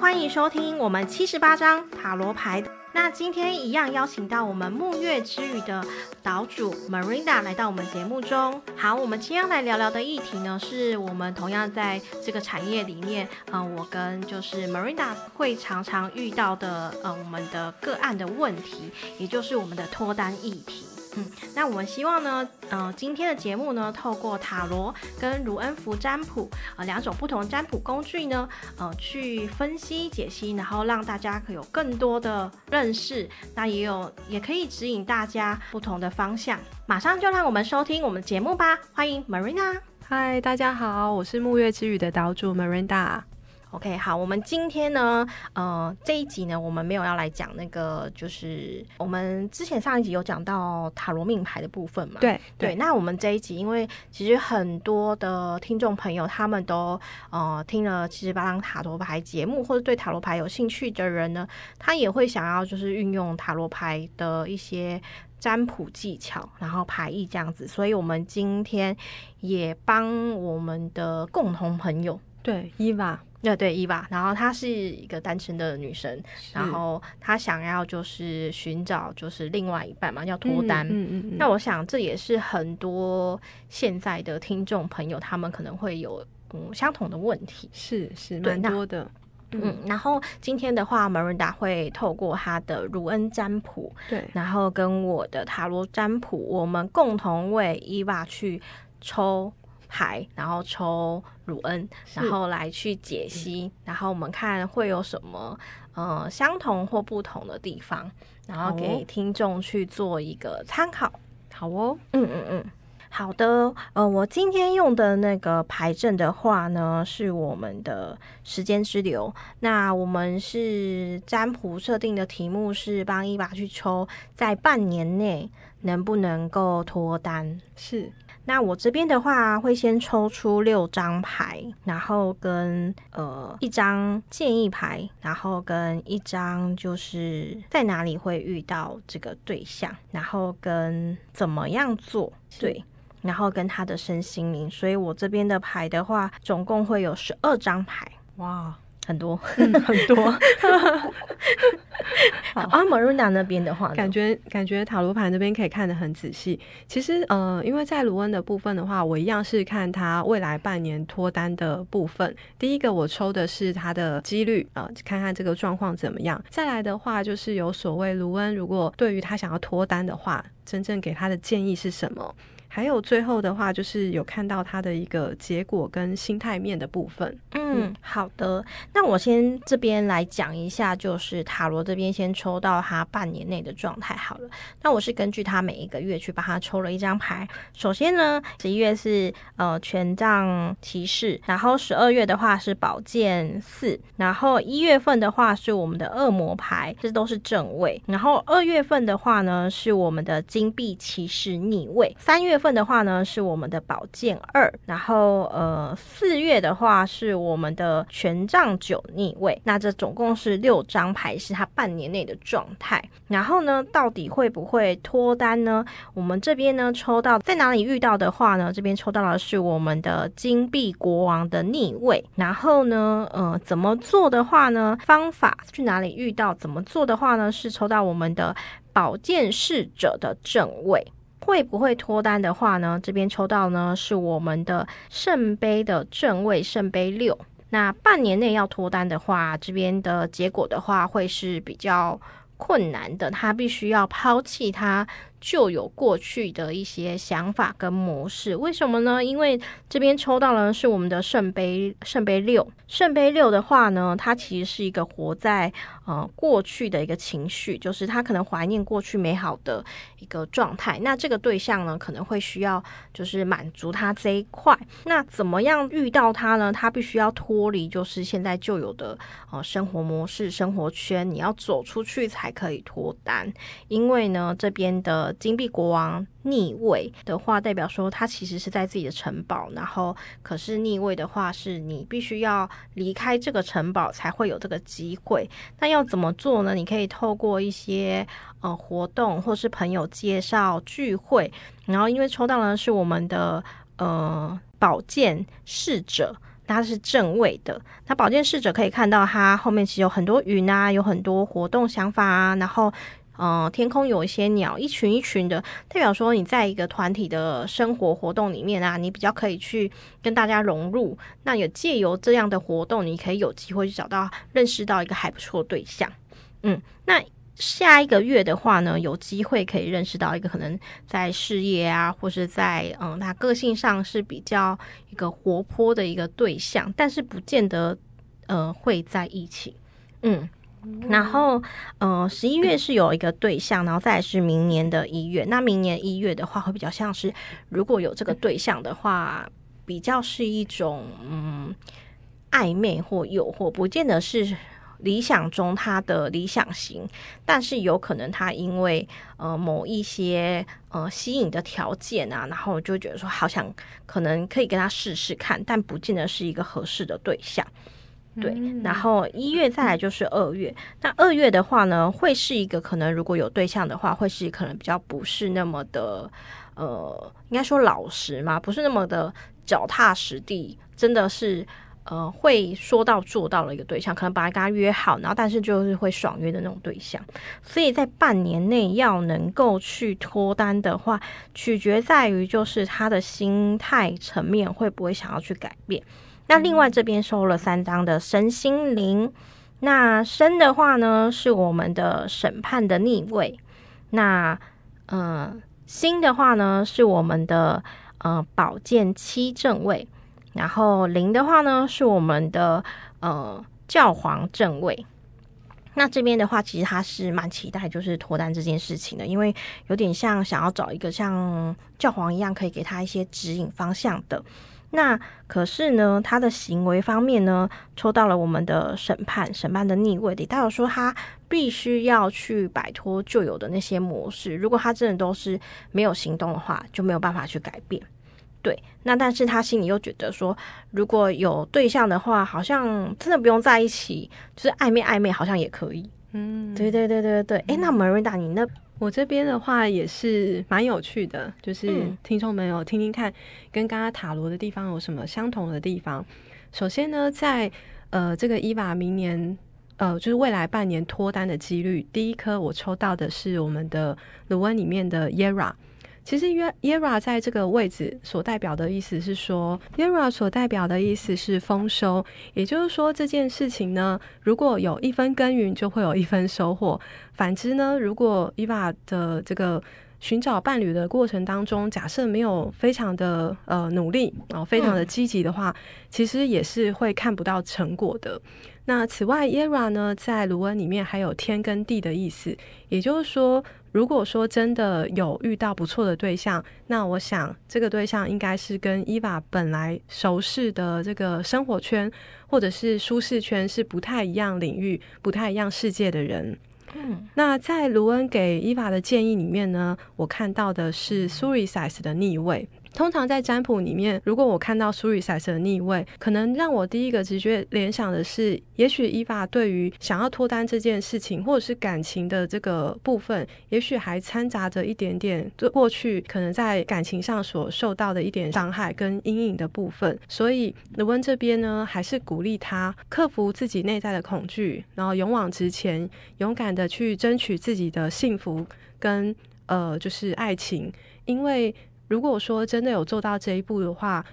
歡迎收聽我們七十八張塔羅牌。那今天一樣邀請到我們沐月之嶼的島主 Miranda 來到我們節目中。好，我們今天要來聊聊的議題呢，是我們同樣在這個產業裡面，嗯，我跟就是 Miranda 會常常遇到的，呃、嗯，我們的個案的問題，也就是我們的脫單議題。嗯，那我們希望呢，呃，今天的節目呢，透過塔羅跟盧恩符占卜，呃，兩種不同占卜工具呢，呃，去分析解析，然後讓大家可有更多的認識，那也有也可以指引大家不同的方向。馬上就讓我們收聽我們的節目吧！歡迎 Miranda。嗨，大家好，我是沐月之嶼的島主 Miranda。OK，好，我們今天呢，呃，這一集呢，我們沒有要來講那個，就是我們之前上一集有講到塔羅命牌的部分嘛。對對，對對，那我們這一集，因為其實很多的聽眾朋友他們都呃聽了七十八張塔羅牌節目，或者對塔羅牌有興趣的人呢，他也會想要就是運用塔羅牌的一些占卜技巧，然後牌意這樣子，所以我們今天也幫我們的共同朋友，對，伊娃。Eva 那對伊娃，Eva, 然後她是一個單身的女生，是然後她想要就是尋找就是另外一半嘛，要脫單。嗯嗯,嗯,嗯那我想這也是很多現在的聽眾朋友他們可能會有嗯相同的問題。是是，是對蠻多的。那嗯,嗯，然後今天的話，Miranda 會透過她的盧恩占卜，對，然後跟我的塔羅占卜，我們共同為伊娃去抽。牌，然後抽魯恩，是然後來去解析，嗯、然後我們看會有什麼呃相同或不同的地方，然後給聽眾去做一個參考。好哦，嗯嗯嗯，好的，呃，我今天用的那個牌陣的話呢，是我們的時間之流。那我們是占卜設定的題目是幫 EVA 去抽，在半年內能不能夠脫單？是。那我這邊的話，會先抽出六張牌，然後跟呃一張建議牌，然後跟一張就是在哪裡會遇到這個對象，然後跟怎麼樣做是對，然後跟他的身心靈。所以我這邊的牌的話，總共會有十二張牌。哇。很多 嗯、很多，阿 好好啊，Miranda 那邊的話，感覺感覺塔羅牌那邊可以看得很仔細。其實，呃，因為在盧恩的部分的話，我一樣是看他未來半年脫單的部分。第一個，我抽的是他的幾率啊、呃，看看這個狀況怎麼樣。再來的話，就是有所謂盧恩，如果對於他想要脫單的話，真正給他的建議是什麼。還有最後的話，就是有看到他的一個結果跟心態面的部分。嗯，好的，那我先這邊來講一下，就是塔羅這邊先抽到他半年內的狀態好了。那我是根據他每一個月去幫他抽了一張牌。首先呢，十一月是呃權杖騎士，然後十二月的話是寶劍四，然後一月份的話是我們的惡魔牌，這都是正位。然後二月份的話呢，是我們的金幣騎士逆位，三月。份的話呢，是我們的寶劍二，然後呃四月的話是我們的權杖九逆位，那這總共是六張牌，是他半年內的狀態。然後呢，到底會不會脫單呢？我們這邊呢，抽到在哪裡遇到的話呢，這邊抽到的是我們的金幣國王的逆位。然後呢，呃怎麼做的話呢？方法去哪裡遇到怎麼做的話呢？是抽到我們的寶劍侍者的正位。會不會脫單的話呢？這邊抽到呢，是我們的聖杯的正位，聖杯六。那半年內要脫單的話，這邊的結果的話會是比較困難的，他必須要拋棄他。就有過去的一些想法跟模式。為什麼呢？因為這邊抽到了是我們的聖杯，聖杯六，聖杯六的話呢，它其實是一個活在呃過去的一個情緒，就是他可能懷念過去美好的一個狀態。那這個對象呢，可能會需要就是滿足他這一塊。那怎麼樣遇到他呢？他必須要脫離就是現在就有的呃生活模式、生活圈，你要走出去才可以脫單。因為呢，這邊的。金幣國王逆位的話，代表說他其實是在自己的城堡，然後可是逆位的話，是你必須要離開這個城堡才會有這個機會。那要怎麼做呢？你可以透過一些呃活動，或是朋友介紹聚會。然後因為抽到呢，是我們的呃寶劍侍者，它是正位的。那寶劍侍者可以看到，他後面其實有很多雲啊，有很多活動想法啊，然後。呃，天空有一些鳥，一群一群的，代表說你在一個團體的生活活動裡面啊，你比較可以去跟大家融入。那也借由這樣的活動，你可以有機會去找到、認識到一個還不錯的對象。嗯，那下一個月的話呢，有機會可以認識到一個可能在事業啊，或是在嗯、呃，他個性上是比較一個活潑的一個對象，但是不見得呃會在一起。嗯。然後，呃，十一月是有一個對象，然後再是明年的一月。那明年一月的話，會比較像是如果有這個對象的話，比較是一種嗯曖昧或誘惑，不見得是理想中他的理想型，但是有可能他因為呃某一些呃吸引的條件啊，然後就覺得說好像，可能可以跟他試試看，但不見得是一個合適的對象。對，然後一月再來就是二月。那二月的話呢，會是一個可能，如果有對象的話，會是可能比較不是那麼的，呃，應該說老實嘛，不是那麼的腳踏實地，真的是呃，會說到做到了一個對象，可能把人家約好，然後但是就是會爽約的那種對象。所以在半年內要能夠去脫單的話，取決在於就是他的心態層面會不會想要去改變。那另外這邊收了三張的身心靈，那身的話呢，是我們的審判的逆位，那嗯心、呃、的話呢，是我們的呃寶劍七正位，然後靈的話呢，是我們的呃教皇正位。那這邊的話，其實他是蠻期待就是脫單這件事情的，因為有點像想要找一個像教皇一樣可以給他一些指引方向的。那可是呢，他的行為方面呢，抽到了我們的審判，審判的逆位，他有說他必須要去擺脫舊有的那些模式。如果他真的都是沒有行動的話，就沒有辦法去改變。對，那但是他心裡又覺得說，如果有對象的話，好像真的不用在一起，就是曖昧曖昧，好像也可以。嗯，對對對對對誒、嗯欸，那門瑞 r 你那。我這邊的話也是蠻有趣的，就是聽眾朋友聽聽看，跟剛剛塔羅的地方有什麼相同的地方。首先呢，在呃這個 EVA 明年呃就是未來半年脫單的幾率，第一顆我抽到的是我們的盧恩裡面的耶拉。其實耶 r a 在這個位置所代表的意思是說，耶 a 所代表的意思是豐收，也就是說這件事情呢，如果有一分耕耘就會有一分收穫。反之呢，如果伊、e、a 的這個尋找伴侶的過程當中，假設沒有非常的呃努力呃非常的積極的話，其實也是會看不到成果的。那此外，Era 呢，在盧恩裡面還有天跟地的意思，也就是說，如果說真的有遇到不錯的對象，那我想這個對象應該是跟 EVA 本來熟識的這個生活圈或者是舒適圈是不太一樣領域、不太一樣世界的人。嗯，那在盧恩給 EVA 的建議裡面呢，我看到的是 Sorice 的逆位。通常在占卜裡面，如果我看到蘇雨塞斯的逆位，可能讓我第一個直覺聯想的是，也許 EVA 對於想要脫單這件事情，或者是感情的這個部分，也許還摻雜着一點點過去可能在感情上所受到的一點傷害跟陰影的部分。所以盧恩這邊呢，還是鼓勵他克服自己內在的恐懼，然後勇往直前，勇敢的去爭取自己的幸福跟呃，就是愛情，因為。如果說真的有做到這一步的話，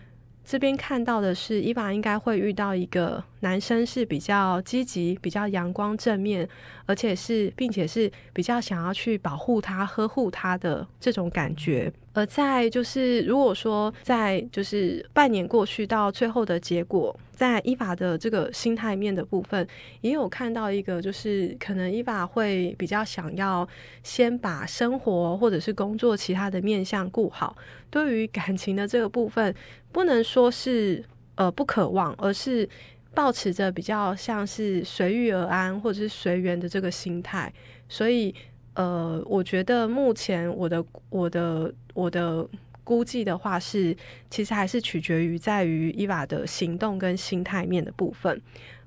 這邊看到的是，EVA 應該會遇到一個。男生是比較積極、比較陽光、正面，而且是並且是比較想要去保護他、呵護他的這種感覺。而在就是如果說在就是半年過去到最後的結果，在 EVA 的這個心態面的部分，也有看到一個就是可能 EVA 會比較想要先把生活或者是工作其他的面向顧好。對於感情的這個部分，不能說是呃不渴望，而是。抱持着比較像是隨遇而安或者是隨緣的這個心態，所以呃，我覺得目前我的我的我的估計的話是，其實還是取決於在於伊娃的行動跟心態面的部分。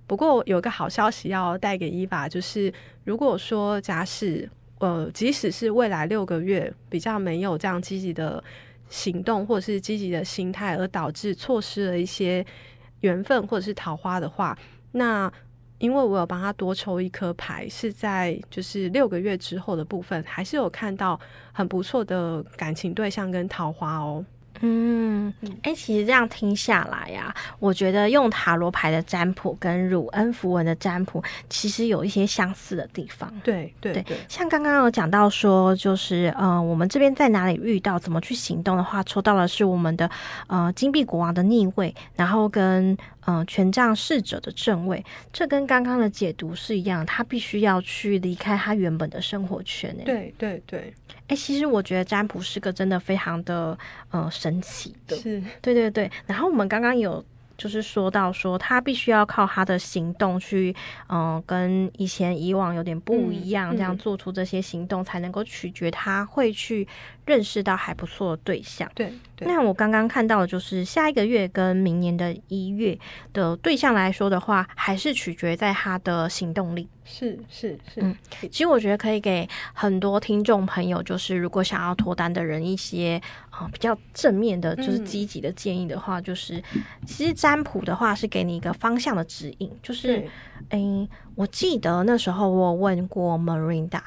不過有個好消息要帶給伊娃，就是如果說假使呃，即使是未來六個月比較沒有這樣積極的行動或者是積極的心態，而導致錯失了一些。緣分或者是桃花的話，那因為我有幫他多抽一顆牌，是在就是六個月之後的部分，還是有看到很不錯的感情對象跟桃花哦。嗯，哎、欸，其實這樣聽下來呀、啊，我覺得用塔羅牌的占卜跟盧恩符文的占卜其實有一些相似的地方。對對對，對，像剛剛有講到說，就是呃，我們這邊在哪裡遇到，怎麼去行動的話，抽到的是我們的呃金幣國王的逆位，然後跟。嗯、呃，權杖侍者的正位，這跟剛剛的解讀是一樣，他必須要去離開他原本的生活圈誒。對對對，哎、欸，其實我覺得占卜是個真的非常的呃神奇的。是，對對對。然後我們剛剛有就是說到說，他必須要靠他的行動去，嗯、呃，跟以前以往有點不一樣，嗯、這樣做出這些行動，嗯、才能夠取決他會去認識到還不錯的對象。對。那我剛剛看到的就是下一個月跟明年的一月的對象來說的話，還是取決在他的行動力。是是是，其實我覺得可以給很多聽眾朋友，就是如果想要脫單的人一些啊比較正面的，就是積極的建議的話，就是其實占卜的話是給你一個方向的指引。就是，哎，我記得那時候我有問過 Miranda。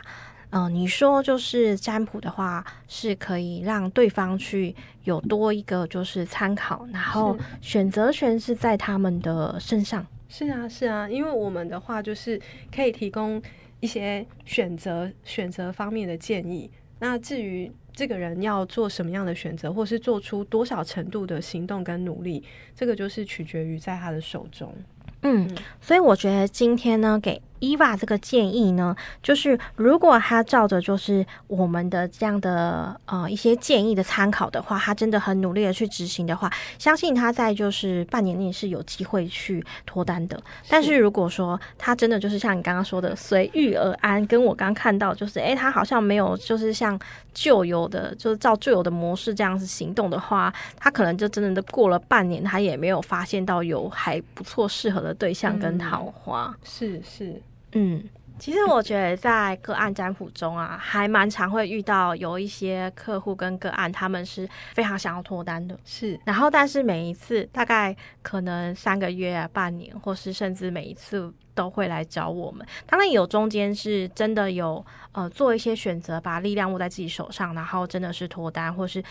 嗯、呃，你說就是占卜的話，是可以讓對方去有多一個就是參考，然後選擇權是在他們的身上。是啊，是啊，因為我們的話就是可以提供一些選擇選擇方面的建議。那至於這個人要做什麼樣的選擇，或是做出多少程度的行動跟努力，這個就是取決於在他的手中。嗯，嗯，所以我覺得今天呢，給。伊娃這個建議呢，就是如果他照着就是我們的這樣的呃一些建議的參考的話，他真的很努力的去執行的話，相信他在就是半年內是有機會去脫單的。但是如果說他真的就是像你剛剛說的隨遇而安，跟我剛看到就是哎，他、欸、好像沒有就是像舊有的就是照舊有的模式這樣子行動的話，他可能就真的的過了半年，他也沒有發現到有還不錯適合的對象跟桃花。是、嗯、是。是嗯，其實我覺得在個案占卜中啊，嗯、還蠻常會遇到有一些客戶跟個案，他們是非常想要脫單的。是，然後但是每一次大概可能三個月啊半年，或是甚至每一次都會來找我們。當然有中間是真的有呃做一些選擇，把力量握在自己手上，然後真的是脫單，或是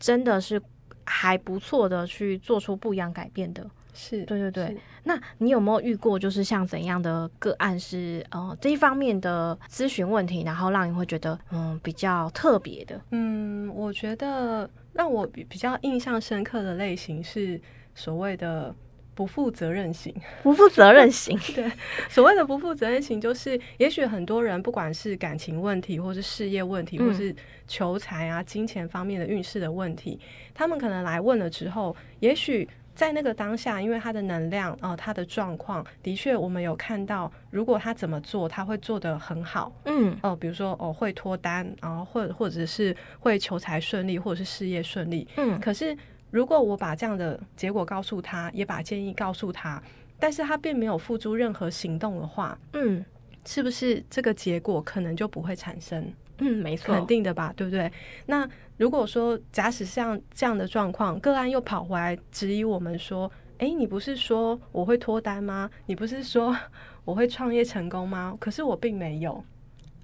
真的是還不錯的去做出不一樣改變的。是對對對，是那你有沒有遇過就是像怎樣的個案是呃這一方面的諮詢問題，然後讓你會覺得嗯比較特別的？嗯，我覺得讓我比較印象深刻的類型是所謂的不負責任型，不負責任型。 對，所謂的不負責任型，就是也許很多人不管是感情問題，或是事業問題，或是求財啊金錢方面的運勢的問題，嗯、他們可能來問了之後，也許。在那個當下，因為他的能量啊、呃，他的狀況的確，我們有看到，如果他怎麼做，他會做得很好，嗯，哦、呃，比如說哦、呃，會脫單，然後或或者是會求財順利，或者是事業順利，嗯。可是，如果我把這樣的結果告訴他，也把建議告訴他，但是他並沒有付出任何行動的話，嗯，是不是這個結果可能就不會產生？嗯，沒錯，肯定的吧，對不對？那如果說假使像這樣的狀況，個案又跑回來質疑我們說：“哎，你不是說我會脫單嗎？你不是說我會創業成功嗎？可是我並沒有。”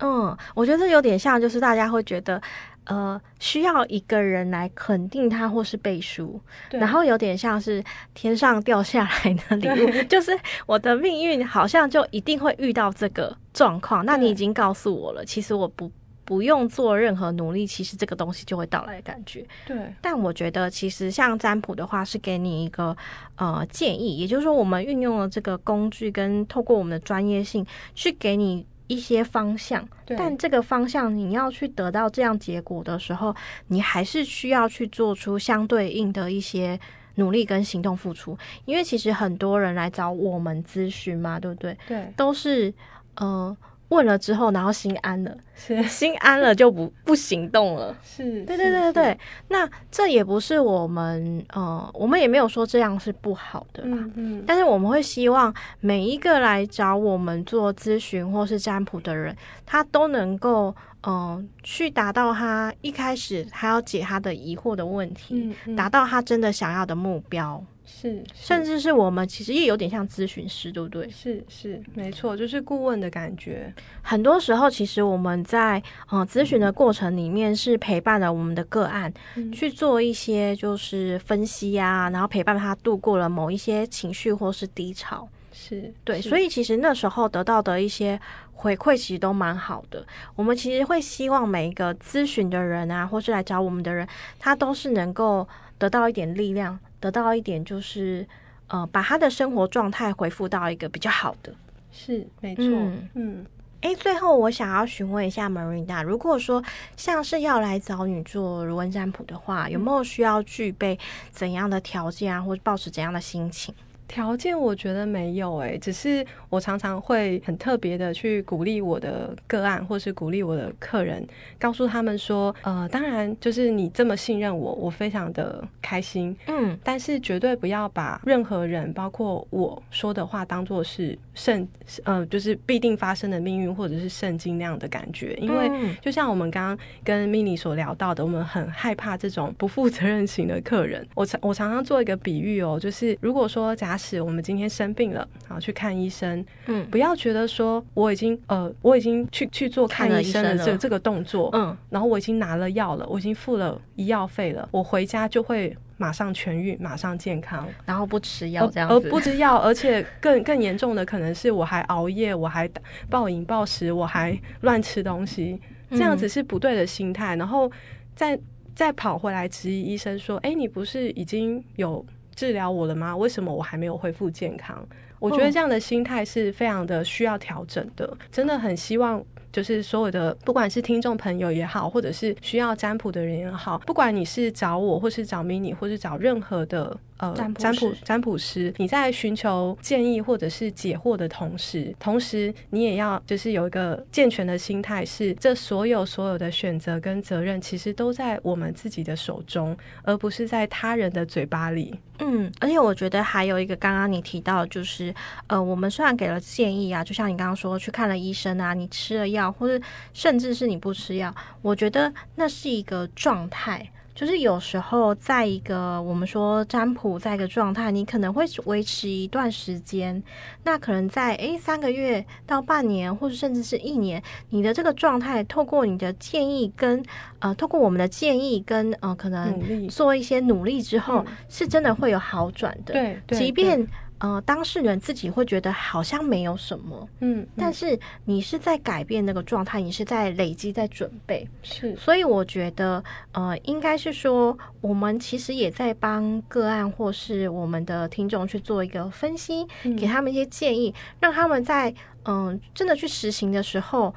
嗯，我覺得這有點像，就是大家會覺得呃，需要一個人來肯定他或是背書，對然後有點像是天上掉下來的禮物，對就是我的命運好像就一定會遇到這個狀況。對那你已經告訴我了，其實我不。不用做任何努力，其實這個東西就會到來的感覺。對，但我覺得其實像占卜的話，是給你一個呃建議，也就是說，我們運用了這個工具，跟透過我們的專業性去給你一些方向。對。但這個方向，你要去得到這樣結果的時候，你還是需要去做出相對應的一些努力跟行動付出。因為其實很多人來找我們諮詢嘛，對不對？對，都是呃。問了之後，然後心安了，是心安了就不不行動了，是，是對對對對，那這也不是我們呃，我們也沒有說這樣是不好的吧。嗯、哼但是我們會希望每一個來找我們做諮詢或是占卜的人，他都能夠嗯、呃、去達到他一開始他要解他的疑惑的問題，嗯、哼達到他真的想要的目標。是，是甚至是我們其實也有點像諮詢師，對不對？是是，沒錯，就是顧問的感覺。很多時候，其實我們在嗯、呃、諮詢的過程裡面，是陪伴了我們的個案、嗯、去做一些就是分析啊，嗯、然後陪伴他度過了某一些情緒或是低潮。是對，是所以其實那時候得到的一些回饋，其實都蠻好的。我們其實會希望每一個諮詢的人啊，或是來找我們的人，他都是能夠得到一點力量。得到一點就是，呃，把他的生活狀態恢復到一個比較好的。是，沒錯。嗯，哎、嗯欸，最後我想要詢問一下 Miranda，如果說像是要來找你做盧恩占卜的話，有沒有需要具備怎樣的條件啊，或者抱持怎樣的心情？條件我覺得沒有哎、欸，只是我常常會很特別的去鼓勵我的個案，或是鼓勵我的客人，告訴他們說，呃，當然就是你這麼信任我，我非常的開心，嗯，但是絕對不要把任何人，包括我說的話，當做是聖，呃，就是必定發生的命運或者是聖經那樣的感覺，因為就像我們剛剛跟 Mini 所聊到的，我們很害怕這種不負責任型的客人。我常我常常做一個比喻哦、喔，就是如果說假。啊、是我們今天生病了，然後去看醫生。嗯，不要覺得說我已經呃，我已經去去做看醫生的這個、看了醫生了這個動作，嗯，然後我已經拿了藥了，我已經付了醫藥費了，我回家就會馬上痊癒，馬上健康，然後不吃藥這樣子，而而不吃藥，而且更更嚴重的可能是我還熬夜， 我還暴飲暴食，我還亂吃東西，這樣子是不對的心態。嗯、然後再再跑回來質疑醫生說：“哎，你不是已經有？”治療我了嗎？為什麼我還沒有恢復健康？嗯、我覺得這樣的心態是非常的需要調整的。真的很希望，就是所有的不管是聽眾朋友也好，或者是需要占卜的人也好，不管你是找我，或是找 Mini，或是找任何的。呃、占卜、占卜師，你在尋求建議或者是解惑的同時，同時你也要就是有一個健全的心態，是這所有所有的選擇跟責任其實都在我們自己的手中，而不是在他人的嘴巴裡。嗯，而且我覺得還有一個，剛剛你提到就是，呃，我們雖然給了建議啊，就像你剛剛說去看了醫生啊，你吃了藥，或者甚至是你不吃藥，我覺得那是一個狀態。就是有時候在一個我們說占卜在一個狀態，你可能會維持一段時間。那可能在誒三個月到半年，或者甚至是一年，你的這個狀態透過你的建議跟呃，透過我們的建議跟呃，可能做一些努力之後，嗯，是真的會有好轉的。對，對，即便對。呃，當事人自己會覺得好像沒有什麼，嗯，嗯，但是你是在改變那個狀態，你是在累積、在準備，是。所以我覺得，呃，應該是說，我們其實也在幫個案或是我們的聽眾去做一個分析，嗯，給他們一些建議，讓他們在嗯、呃，真的去實行的時候。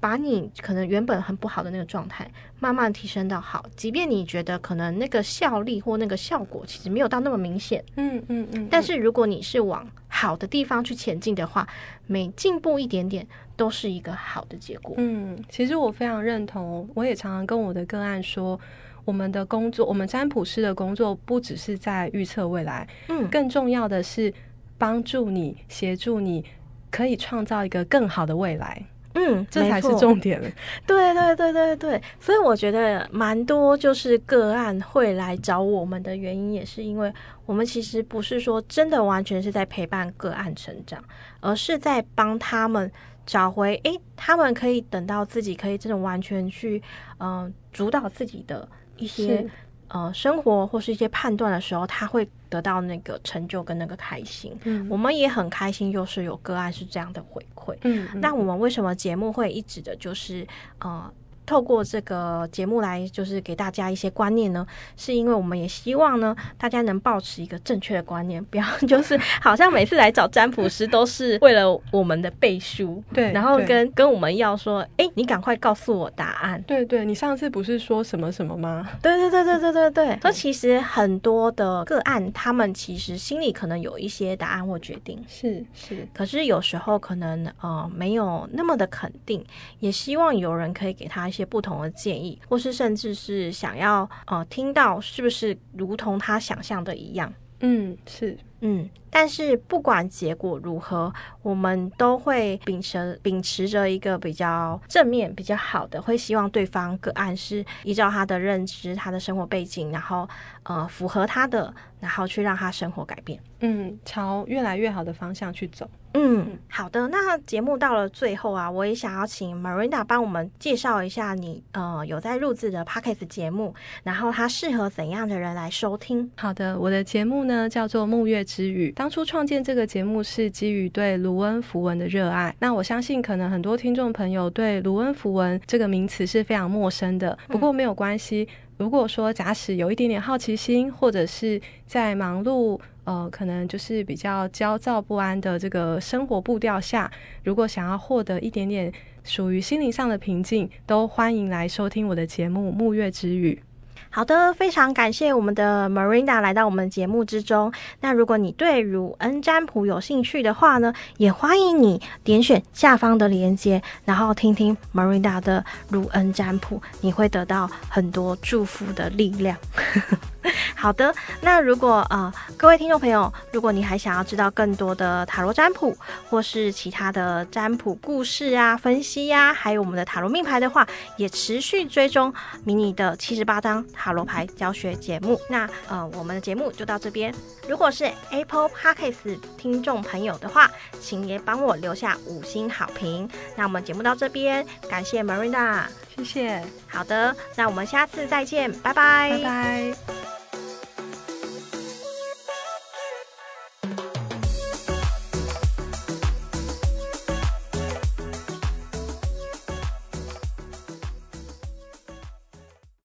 把你可能原本很不好的那個狀態，慢慢提升到好。即便你覺得可能那個效力或那個效果其實沒有到那麼明顯，嗯嗯嗯，嗯嗯，但是如果你是往好的地方去前進的話，每進步一點點都是一個好的結果。嗯，其實我非常認同，我也常常跟我的個案說，我們的工作，我們占卜師的工作不只是在預測未來，嗯，更重要的是幫助你、協助你可以創造一個更好的未來。嗯，這才是重點。對對對對對，所以我覺得蠻多就是個案會來找我們的原因，也是因為我們其實不是說真的完全是在陪伴個案成長，而是在幫他們找回，哎，他們可以等到自己可以這種完全去嗯、呃、主導自己的一些。呃，生活或是一些判斷的時候，他會得到那個成就跟那個開心。嗯嗯，我們也很開心，就是有個案是這樣的回饋。嗯，嗯，嗯，那我們為什麼節目會一直的就是呃，透過這個節目來，就是給大家一些觀念呢，是因為我們也希望呢，大家能保持一個正確的觀念，不要就是好像每次來找占卜師都是為了我們的背書，對，然後跟對跟我們要說，哎、欸，你趕快告訴我答案。對，對，對，對你上次不是說什麼什麼嗎？對對對對對對對。說、嗯、其實很多的個案，他們其實心裡可能有一些答案或決定，是是，是可是有時候可能呃沒有那麼的肯定，也希望有人可以給他一些。些不同的建議，或是甚至是想要呃聽到，是不是如同他想象的一樣？嗯，是，嗯。但是不管結果如何，我們都會秉持秉持着一個比較正面、比較好的，會希望對方個案是依照他的認知、他的生活背景，然後呃符合他的，然後去讓他生活改變。嗯，朝越來越好的方向去走。嗯，好的。那節目到了最後啊，我也想要請 Miranda 幫我們介紹一下你呃有在錄製的 Podcast 節目，然後它適合怎樣的人來收聽？好的，我的節目呢叫做《沐月之嶼》。當初創建這個節目是基於對盧恩符文的熱愛。那我相信可能很多聽眾朋友對盧恩符文這個名詞是非常陌生的，不過沒有關係。嗯如果說，假使有一點點好奇心，或者是在忙碌，呃，可能就是比較焦躁不安的這個生活步調下，如果想要獲得一點點屬於心靈上的平靜，都歡迎來收聽我的節目《沐月之嶼》。好的，非常感謝我們的 Miranda 來到我們節目之中。那如果你對盧恩占卜有興趣的話呢，也歡迎你點選下方的鏈接，然後聽聽 Miranda 的盧恩占卜，你會得到很多祝福的力量。 好的，那如果呃各位聽眾朋友，如果你還想要知道更多的塔羅占卜，或是其他的占卜故事啊、分析呀、啊，還有我們的塔羅命牌的話，也持續追蹤迷你的七十八張塔羅牌教學節目。那呃我們的節目就到這邊。如果是 Apple Podcast 聽眾朋友的話，請也幫我留下五星好評。那我們節目到這邊，感謝 Miranda。謝謝，好的，那我們下次再見，拜拜，拜拜。